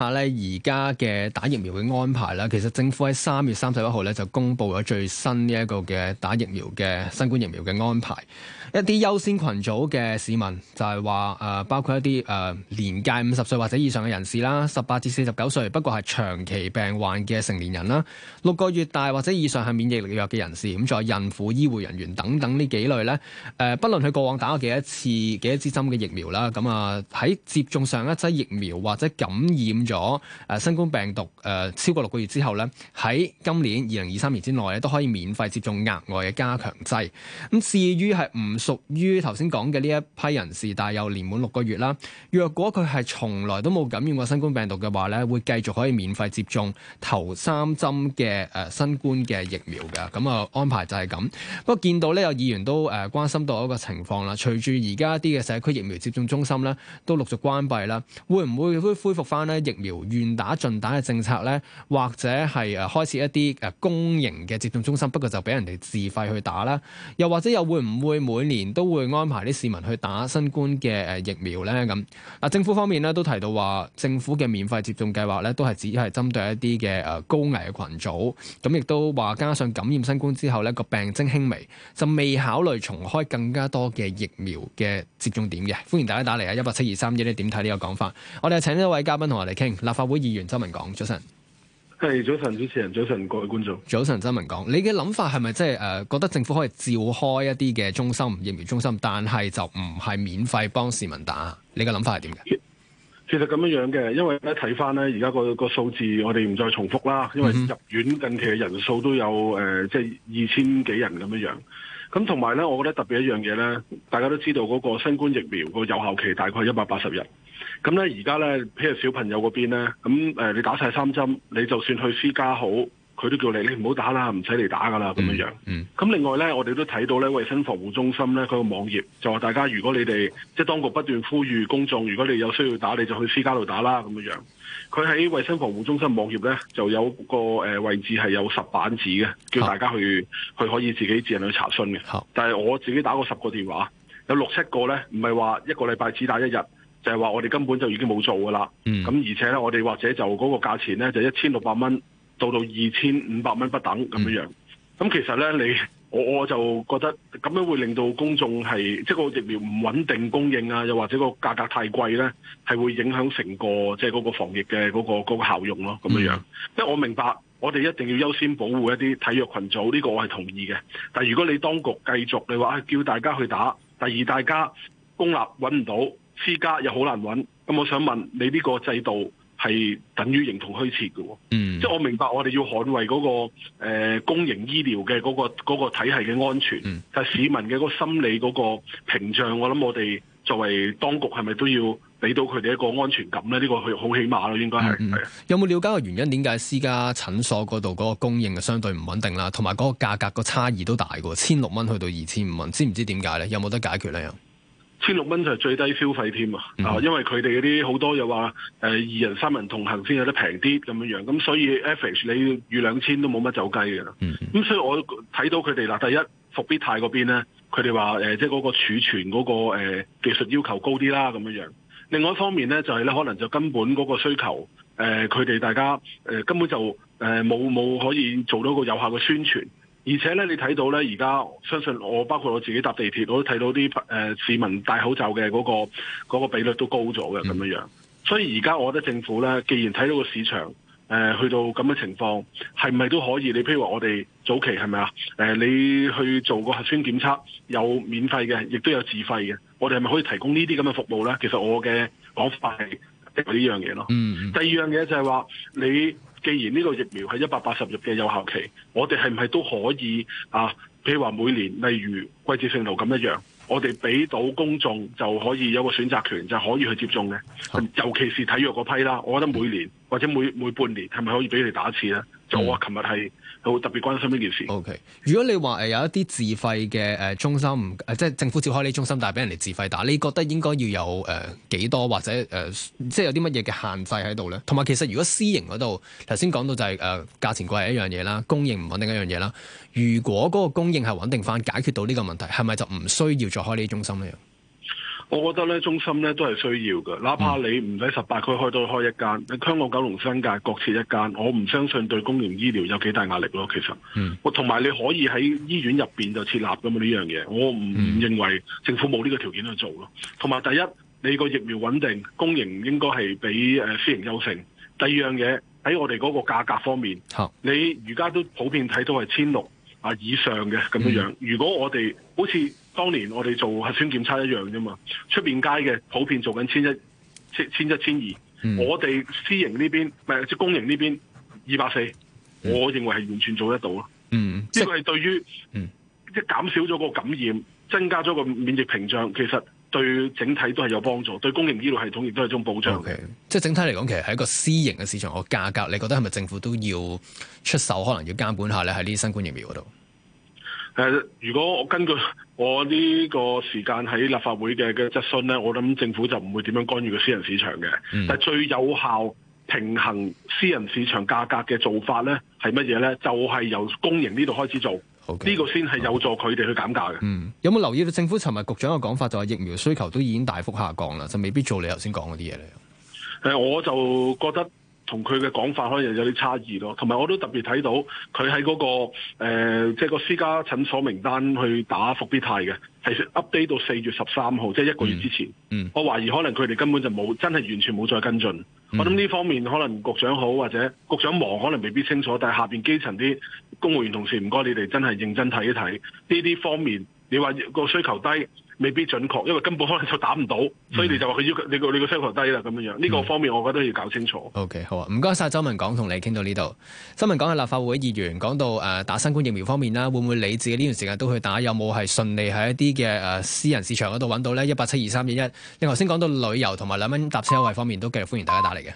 啊！咧而家嘅打疫苗嘅安排啦，其實政府喺三月三十一號咧就公布咗最新呢一個嘅打疫苗嘅新冠疫苗嘅安排。一啲優先群組嘅市民就係話誒，包括一啲誒、呃、年屆五十歲或者以上嘅人士啦，十八至四十九歲，不過係長期病患嘅成年人啦，六個月大或者以上係免疫力弱嘅人士，咁仲有孕婦、醫護人員等等呢幾類咧。誒，不論佢過往打過幾多次、幾多支針嘅疫苗啦，咁啊喺接種上一劑疫苗或者感染咗新冠病毒、呃、超過六個月之後咧，喺今年二零二三年之內咧都可以免費接種額外嘅加強劑。咁至於係唔屬於頭先講嘅呢一批人士，但係又年滿六個月啦，若果佢係從來都冇感染過新冠病毒嘅話咧，會繼續可以免費接種頭三針嘅、呃、新冠嘅疫苗嘅。咁、嗯、啊安排就係咁。不過見到咧有議員都誒、呃、關心到一個情況啦，隨住而家啲嘅社區疫苗接種中心咧都陸續關閉啦，會唔會恢復翻咧疫？苗願打盡打嘅政策咧，或者係誒開設一啲誒公營嘅接種中心，不過就俾人哋自費去打啦。又或者又會唔會每年都會安排啲市民去打新冠嘅疫苗咧？咁嗱，政府方面咧都提到話政府嘅免費接種計劃咧都係只係針對一啲嘅誒高危嘅群組，咁亦都話加上感染新冠之後咧個病徵輕微，就未考慮重開更加多嘅疫苗嘅接種點嘅。歡迎大家打嚟啊！一八七二三一咧點睇呢個講法？我哋請請一位嘉賓同我哋傾。嗯、立法會議員周文港，早晨。係早晨，主持人，早晨各位觀眾，早晨，周文港，你嘅諗法係咪即係誒，覺得政府可以召開一啲嘅中心疫苗中心，但係就唔係免費幫市民打？你嘅諗法係點嘅？其實咁樣樣嘅，因為咧睇翻咧，而家、嗰個、嗰個數字我哋唔再重複啦。因為入院近期嘅人數都有誒，即係二千幾人咁樣樣。咁同埋咧，我覺得特別一樣嘢咧，大家都知道嗰個新冠疫苗個有效期大概係一百八十日。咁咧，而家咧，譬如小朋友嗰邊咧，咁誒、呃，你打晒三針，你就算去私家好，佢都叫你你唔好打啦，唔使嚟打㗎啦，咁樣樣。咁、嗯嗯、另外咧，我哋都睇到咧，衛生防護中心咧，佢個網頁就話大家，如果你哋即係當局不斷呼籲公眾，如果你有需要打，你就去私家度打啦，咁樣樣。佢喺衛生防護中心網頁咧，就有個、呃、位置係有十板紙嘅，叫大家去、啊、去可以自己自行去查詢嘅。啊、但係我自己打過十個電話，有六七個咧，唔係話一個禮拜只打一日。就係話我哋根本就已經冇做噶啦，咁、嗯、而且咧我哋或者就嗰個價錢咧就一千六百蚊到到二千五百蚊不等咁樣、嗯、樣，咁其實咧你我我就覺得咁樣會令到公眾係即係個疫苗唔穩定供應啊，又或者個價格太貴咧，係會影響成個即係嗰個防疫嘅嗰、嗰個嗰、嗰個效用咯，咁樣樣。嗯、因為我明白我哋一定要優先保護一啲體育群組，呢、呢個我係同意嘅。但係如果你當局繼續你話叫大家去打，第二大家公立揾唔到。私家又好難揾，咁我想問你呢個制度係等於形同虛設嘅，嗯、即係我明白我哋要捍衛嗰、嗰個誒、呃、公營醫療嘅嗰個嗰、嗰個體系嘅安全，嗯、但係市民嘅嗰個心理嗰個屏障，我諗我哋作為當局係咪都要俾到佢哋一個安全感咧？呢、呢個好起碼咯，應該係、嗯嗯、有冇了解個原因？點解私家診所嗰度嗰個供應相對唔穩定啦，同埋嗰個價格個差異都大嘅，千六蚊去到二千五蚊，知唔知點解咧？有冇得解決咧？千六蚊就係最低消費添啊！啊，因為佢哋嗰啲好多又話誒二人三人同行先有得平啲咁樣樣，咁所以 e f f o r 你要預兩千都冇乜走雞嘅啦。咁、mm hmm. 所以我睇到佢哋嗱，第一復必泰嗰邊咧，佢哋話誒即係嗰個儲存嗰、嗰個、呃、技術要求高啲啦咁樣樣。另外一方面咧，就係、係、咧可能就根本嗰個需求誒，佢、呃、哋大家誒、呃、根本就誒冇冇可以做到個有效嘅宣傳。而且咧，你睇到咧，而家相信我，包括我自己搭地鐵，我都睇到啲、誒、呃、市民戴口罩嘅嗰個嗰個比率都高咗嘅咁樣樣。嗯、所以而家我覺得政府咧，既然睇到個市場、誒、呃、去到咁嘅情況，係唔係都可以？你譬如話我哋早期係咪啊？誒、呃，你去做個核酸檢測，有免費嘅，亦都有自費嘅。我哋係咪可以提供呢啲咁嘅服務咧？其實我嘅講法係一呢樣嘢咯。嗯、第二樣嘢就係話你。既然呢個疫苗係一百八十日嘅有效期，我哋係唔係都可以啊？譬如話每年，例如季節性流感一樣，我哋俾到公眾就可以有個選擇權，就可以去接種嘅。尤其是體育嗰批啦，我覺得每年或者每每半年係咪可以俾你打一次咧？嗯、就話，琴日係好特別關心呢件事。O、okay. K，如果你話誒有一啲自費嘅誒中心，誒即係政府照開呢啲中心，但係俾人哋自費打，你覺得應該要有誒、呃、幾多或者誒、呃、即係有啲乜嘢嘅限制喺度咧？同埋其實如果私營嗰度，頭先講到就係、是、誒、呃、價錢貴係一樣嘢啦，供應唔穩定一樣嘢啦。如果嗰個供應係穩定翻，解決到呢個問題，係咪就唔需要再開呢啲中心咧？我覺得咧，中心咧都係需要嘅，哪怕你唔使十八區開都開一間，你香港九龍新界各設一間，我唔相信對公營醫療有幾大壓力咯。其實，嗯同埋你可以喺醫院入面就設立噉樣呢樣嘢，我唔認為政府冇呢個條件去做咯。同埋第一，你個疫苗穩定，公營應該係比、呃、私營優勝。第二樣嘢喺我哋嗰個價格方面，呵你而家都普遍睇到係千六啊以上嘅咁樣樣。嗯、如果我哋好似～當年我哋做核酸檢測一樣啫嘛，出邊街嘅普遍做緊千一、千千一千二，我哋私營呢邊唔係即公營呢邊二百四，我認為係完全做得到咯。嗯，即係對於，即係減少咗個感染，增加咗個免疫屏障，其實對整體都係有幫助，對公營醫療系統亦都係一種保障。Okay, 即係整體嚟講，其實係一個私營嘅市場個價格，你覺得係咪政府都要出手，可能要監管下咧？喺呢啲新冠疫苗嗰度。誒，如果我根據我呢個時間喺立法會嘅嘅質詢咧，我諗政府就唔會點樣干預個私人市場嘅。嗯、但係最有效平衡私人市場價格嘅做法咧，係乜嘢咧？就係、是、由公營呢度開始做，呢 Okay, 個先係有助佢哋去減價嘅。嗯，有冇留意到政府尋日局長嘅講法？就係疫苗需求都已經大幅下降啦，就未必做你頭先講嗰啲嘢咧。誒、嗯，我就覺得。同佢嘅講法可能有有啲差異咯，同埋我都特別睇到佢喺嗰個呃、即係個私家診所名單去打復必泰嘅，係 update 到四月十三號，即係一個月之前。嗯嗯、我懷疑可能佢哋根本就冇真係完全冇再跟進。嗯、我諗呢方面可能局長好或者局長忙，可能未必清楚，但係下面基層啲公務員同事，唔該你哋真係認真睇一睇呢啲方面。你話個需求低，未必準確，因為根本可能就打唔到，嗯、所以你就話佢要你個你個需求低啦，咁樣呢、嗯、個方面我覺得要搞清楚。OK，好啊，唔該晒。周文港同你傾到呢度。周文港嘅立法會議員，講到誒、呃、打新冠疫苗方面啦，會唔會你自己呢段時間都去打？有冇係順利喺一啲嘅誒私人市場嗰度揾到呢？一八七二三二一。你頭先講到旅遊同埋兩蚊搭車優惠方面，都繼續歡迎大家打嚟嘅。